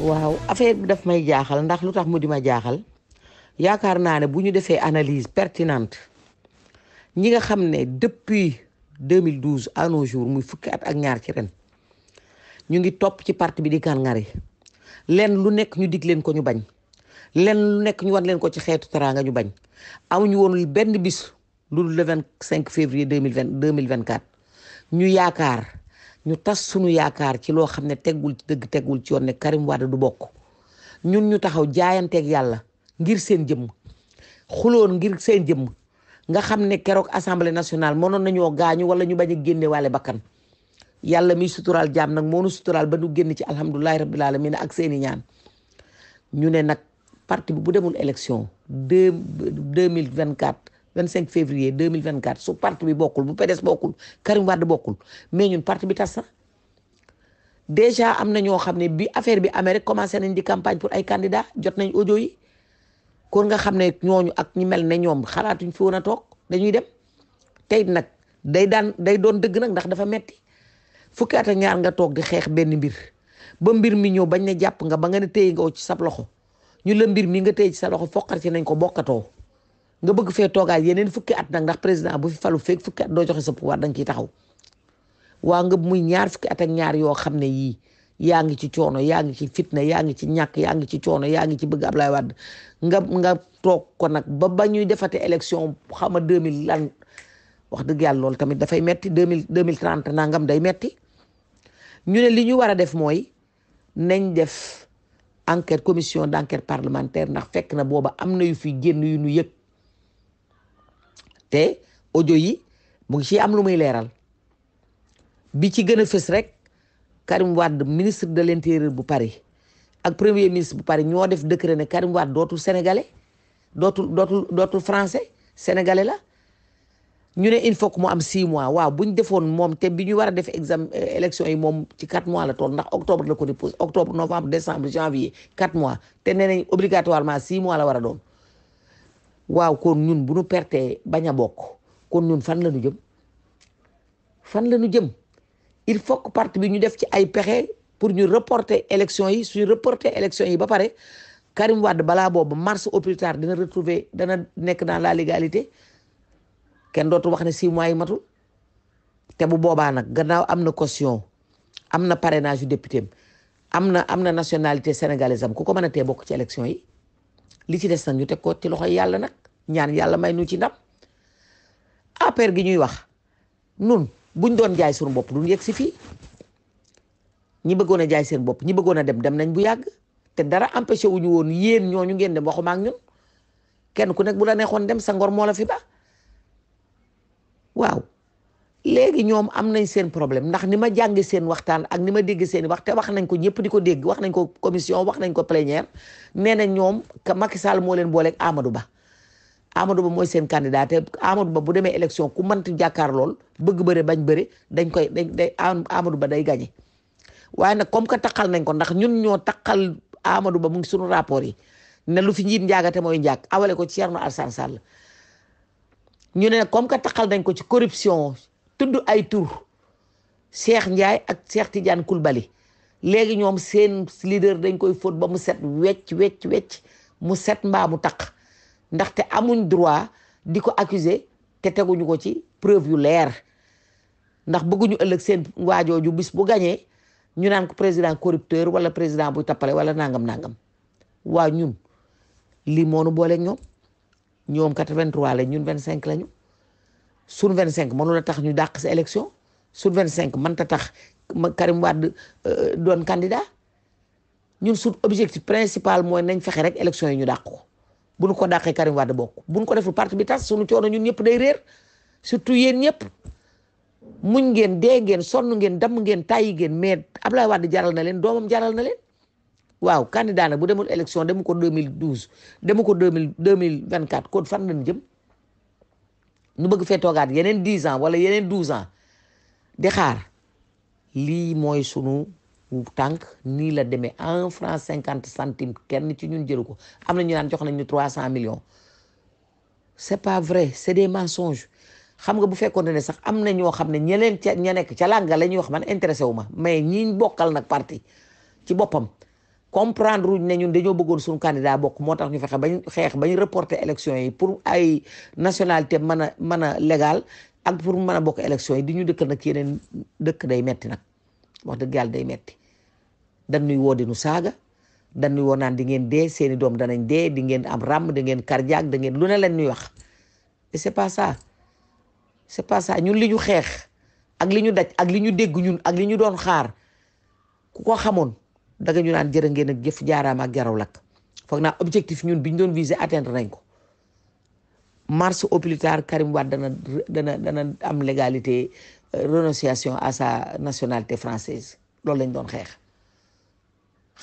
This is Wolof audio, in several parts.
waaw affaire bi daf may jaaxal ndax lu tax mu di ma jaaxal yaakaar naa ne bu ñu defee analyse pertinente ñi nga xam ne depuis 2012 à nos jours muy fukki at ak ñaar ci ren ñu ngi topp ci parti bi di kàngari leen lu nekk ñu dig leen ko ñu bañ len lu nekk ñu wan leen ko ci xeetu teraanga ñu bañ amuñu woon benn bis lu le 25 février 2020 2024 ñu yaakaar. ñu tas suñu yaakaar ci loo xam ne tegul ci dëgg tegul ci yoon ne Karim Wade du bokk ñun ñu taxaw jaayanteeg yàlla ngir seen jëmm xuloon ngir seen jëmm nga xam ne keroog assemblée nationale mënoon nañoo gaañu wala ñu bañ a waale bakkan yàlla mii suturaal jaam nag moo nu suturaal ba nu génn ci alhamdulilahi rabbil alamin ak seeni ñaan ñu ne nag parti bi bu demul élection deux deux mille vingt quatre 25 février 2024 su parti bi bokkul bu PDS bokkul Karim Wade bokkul mais ñun parti bi tas na déjà am na ñoo xam ne bi affaire bi amee rek commencé nañ di campagne pour ay candidats jot nañ audio yi kon nga xam ne ñooñu ak ñi mel ne ñoom xalaatuñ fi woon a toog dañuy dem tey nag day daan day doon dëgg nag ndax dafa metti fukki at ñaar nga toog di xeex benn mbir ba mbir mi ñëw bañ ne jàpp nga ba nga ne téye nga ci sab loxo ñu la mbir mi nga téye ci sa loxo foqar ci nañ ko bokkatoo. nga bëgg fee toogaat yeneen fukki at nag ndax président bu fi falu feeg fukki at doo joxe sa pouvoir da nga ciy taxaw waa nga muy ñaar fukki at ak ñaar yoo xam ne yii yaa ngi ci coono yaa ngi ci fitna yaa ngi ci ñàkk yaa ngi ci coono yaa ngi ci bëgg Ablaye Wade nga nga toog ko nag ba ba ñuy defate élection xama deux mille lan wax dëgg yàlla loolu tamit dafay metti deux mille deux mille trente day metti ñu ne li ñu war a def mooy nañ def enquête commission d' enquête parlementaire ndax fekk na booba am na yu fi génn yu ñu te audio yi mu ngi ciy am lu muy leeral bi ci gën a fës rek Karim Wade ministre de l'intérieur bu Paris ak premier ministre bu Paris ñoo def décret ne Karim Wade dootul sénégalais dootul dootu dootul français sénégalais la ñu ne il faut mu am 6 mois waaw bu defoon moom te bi ñu war def exam euh, élection yi moom ci 4 mois la toll ndax octobre la ko di pose octobre novembre décembre janvier 4 mois te nee obligatoirement 6 mois la war a doon. waaw kon ñun bu ñu pertee bañ a bokk kon ñun fan la ñu jëm fan la ñu jëm il faut que parti bi ñu def ci ay pexe pour ñu reporter élection yi suñu reporter élection yi ba pare Karim Wade balaa boobu mars au plus tard dina retrouver dana nekk dans la légalité kenn dootu wax ne six yi matul te bu boobaa nag gannaaw am na costion am na parrainage yu député am na am na nationalité sénégalaise am ku ko mën tee bokk ci élection yi li ci des nag ñu teg ko ci loxoy yàlla nag ñaan yàlla may nu ci ndam APR gi ñuy wax nun buñ doon jaay suñu bopp duñ yegg si fii ñi bëggoon a jaay seen bopp ñi bëggoon a dem dem nañ bu yàgg te dara empêché ñu woon yéen ñoo ñu ngeen dem waxuma ak ñun kenn ku nekk bu la neexoon dem sa ngor moo la fi ba waaw léegi ñoom am nañ seen problème ndax ni ma jàngi seen waxtaan ak ni ma dégg seen wax te wax nañ ko ñëpp di ko dégg wax nañ ko commission wax nañ ko plénière nee na ñoom Macky Sall moo leen booleeg Amadou Ba Amadou Ba mooy seen candidat te Amadou Ba bu demee élection ku mënti jàkkaar lool bëgg bëre bañ bëre dañ koy dañ day Amadou Ba day gagné waaye nag comme que taqal nañ ko ndax ñun ñoo taqal Amadou Ba mu ngi suñu rapport yi ne lu fi njiit njaagate mooy njaag awale ko Thierno Alassane Sall ñu ne comme que taqal nañ ko ci corruption tudd ay tur Cheikh Ndiaye ak Cheikh Tidiane Koulibaly léegi ñoom seen leader dañ koy fóot ba mu set wecc wecc wecc mu set mbaamu mu ndaxte amuñ droit di ko accuser te teguñu ko ci preuve yu leer ndax bëgguñu ëllëg seen waajooju bis bu gañee ñu naan ko président corrupteur wala président buy tappale wala nangam nangam waa ñun lii moonu booleeg ñoom ñoom 83 la ñun 25 lañu sur 25 mënu la tax ñu dàq sa élection sur cinq manta tax Karim Wade euh, doon candidat ñun suñ objectif principal mooy nañ fexe rek élection yi ñu dàq ko bu ñu ko dàqee Karim Wade bokk bu ñu ko deful parti bi tas suñu coono ñun ñëpp day réer surtout yéen ñëpp muñ ngeen dee ngeen sonn ngeen damm ngeen tàyyi ngeen mais Ablaye Wade jaral na leen doomam jaral na leen waaw candidat na bu demul élection demu ko 2012 demu ko 2000 2024 kon fan lañ jëm nu bëgg fee toogaat yeneen dix ans wala yeneen douze ans di xaar lii mooy sunu tànk nii la demee en franc cinquante centime kenn ci ñun jëru ko am na ñu naan jox nañ ñu trois cent millions c'est pas vrai c'est des mensonges xam nga bu fekkoon ne sax am na ñoo xam ne ña leen ca ña nekk ca lànga la ñuy wax man intéressé wu ma mais ñi bokkal nag parti ci boppam comprendre ruñ ne ñun dañoo bëggoon suñu candidat bokk moo tax ñu fexe bañ xeex bañ reporter élection yi pour ay nationalité mën a mën a legal ak pour mën a bokk élection yi di ñu dëkkal nag yeneen dëkk day metti nag wax dëgg yàlla day metti dañuy woo di nu saaga dañuy woo naan di ngeen dee seeni doom danañ dee di ngeen am ràmm di ngeen cardiaque da ngeen lu ne leen ñuy wax et c'est pas ça c'est pas ça ñun li ñu xeex ak li ñu daj ak li ñu dégg ñun ak li ñu doon xaar ku ko xamoon danga ñu naan jërë ngeen ak jëf jaaraam ak jaraw lakk foog naa objectif ñun bi ñu doon visé atteindre nañ ko mars au plus tard Karim Wade dana dana dana am légalité euh, renonciation à sa nationalité française loolu lañ doon xeex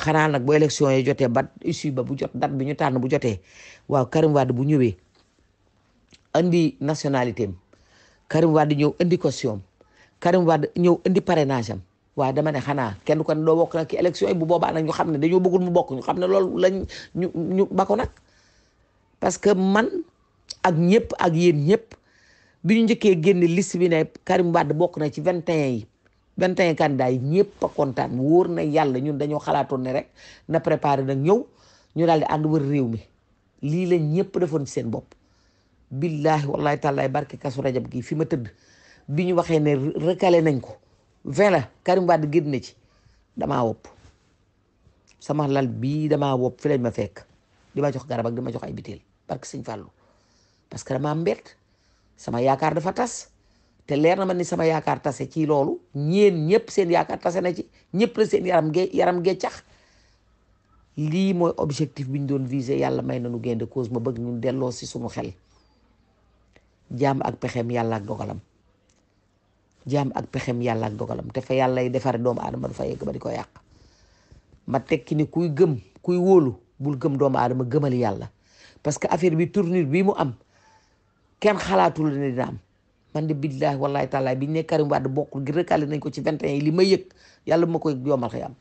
xanaa nag bu yi jotee ba issue ba bu jot date bi ñu tànn bu jotee waaw Karim Wade bu ñëwee andi nationalité am Karim Wade ñëw indi caution am Karim ñëw indi parrainage am waaye dama ne xanaa kenn ko ne doo bokk nag ci élection yi bu boobaa nag ñu xam ne dañoo bëggul mu bokk ñu xam ne loolu lañ ñu ñu ba ko nag parce que man ak ñëpp ak yéen ñëpp bi ñu njëkkee génne list bi ne Karim Wade bokk na ci 21 yi 21 candidats yi ñëpp a wóor na yàlla ñun dañoo xalaatoon ne rek na préparé nag ñëw ñu daal di ànd wër réew mi lii la ñëpp defoon ci seen bopp. billahi wallahi taalaay barke kasu rajab gii fi ma tëdd bi ñu waxee ne recalé nañ ko. vingt la Karim Wade génn na ci damaa wopp sama lal bii damaa wopp fi ma fekk di ma jox garab ak di ma jox ay biteel parce que sëñ Fallou parce que damaa mbett sama yaakaar dafa tas te leer na ma ni sama yaakaar tase ci loolu ñeen ñëpp seen yaakaar tase na ci ñëpp la seen yaram ge yaram ge lii mooy objectif bi ñu doon visé yàlla may na nu gain de cause ma bëgg ñun delloo si suñu xel jaam ak pexeem yàlla ak dogalam. jaam ak pexem yàlla ak dogalam te fa yàllay defare doomu aadama du fa yegg ba di ko yàq ma tekki ni kuy gëm kuy wóolu bul gëm doomu aadama gëmal yàlla parce que affaire bi tournure bii mu am kenn xalaatul ne dina am man de billahi wallahi taala bi ñu ne Karim Wade bokkul gi recalé nañ ko ci 21 yi li ma yëg yàlla bu ma koy yomal xëy am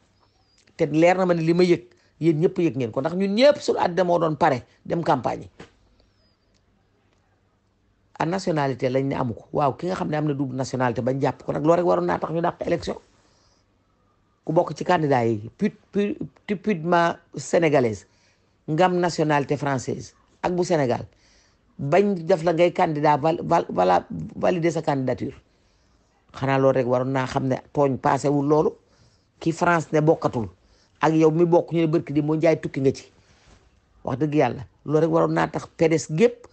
te leer na ma ne li ma yëg yéen ñëpp yëg ngeen ko ndax ñun ñëpp suñu àddina moo doon pare dem campagne a nationalité lañ ne amu ko waaw ki nga xam ne am na double nationalité bañ jàpp ko nag loolu rek waroon naa tax ñu dàq ku bokk ci candidat yi typiquement sénégalaise ngam nationalité française ak bu Sénégal bañ def la ngay candidat val valider sa candidature xanaa loolu rek waroon naa xam ne tooñ passé wul loolu ki France ne bokkatul ak yow mi bokk ñu di moo njaay tukki nga ci wax dëgg yàlla loolu gépp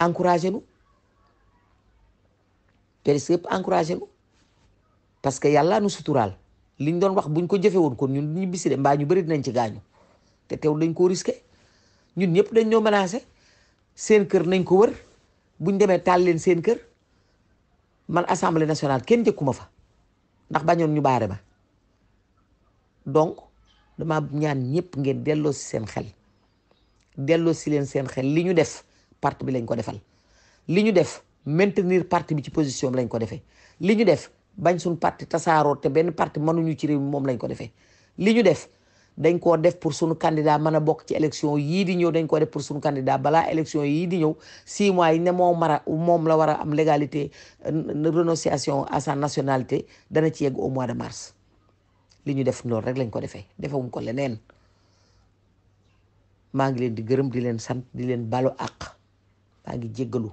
encouragé presse yëpp encouragé parce que yàlla nu suturaal liñ doon wax buñ ko jëfe woon kon ñun ñibbisi bisi de mbaa ñu bari dinañ ci gaañu te tew dañ koo risqué ñun ñëpp dañ doo menacé seen kër nañ ko wër bu ñu demee taal leen seen kër man assemblée nationale kenn jëkkuma fa ndax bañoon ñu baare ma donc dama ñaan ñëpp ngeen delloo si seen xel delloo si leen seen xel li ñu def parti bi lañ ko defal li ñu def maintenir parti bi ci position lañ ko defee li ñu def bañ suñ parti tasaaroo te benn parti mënuñu ci réew moom lañ ko defee li ñu def dañ koo def pour suñu candidat mën a bokk ci élection yii di ñëw dañ def pour suñu candidat balaa élection di ñëw six mois yi ne moom mar a moom la war am légalité euh, renonciation à sa nationalité dana ci yegg au mois de mars li ñu def loolu rek lañ ko defee defewuñ ko leneen maa ngi leen di gërëm di leen sant di leen balu àq maa ngi jéggalu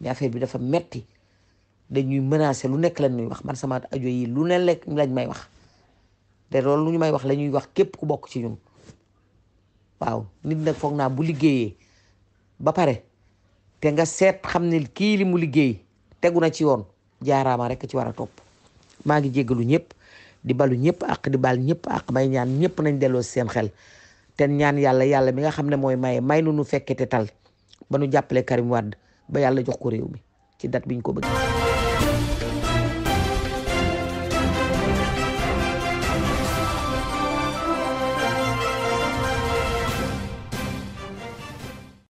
mais affaire bi dafa metti dañuy menacer lu nekk lañ ñuy wax man sama ajo yi lu ne lekk lañ may wax te loolu lu ñu may wax la wax képp ku bokk ci ñun waaw nit nag foog naa bu liggéeyee ba pare te nga seet xam ne kii li mu liggéey tegu na ci yoon jaaraama rek ci war a topp maa ngi jéggalu ñëpp di balu ñëpp ak di bal ñëpp ak may ñaan ñëpp nañ delloo seen xel ten ñaan yàlla yàlla mi nga xam ne mooy may may nu nu fekke te tal ba nu jàppale Karim wàdd ba yàlla jox ko réew mi ci date biñ ko bëgg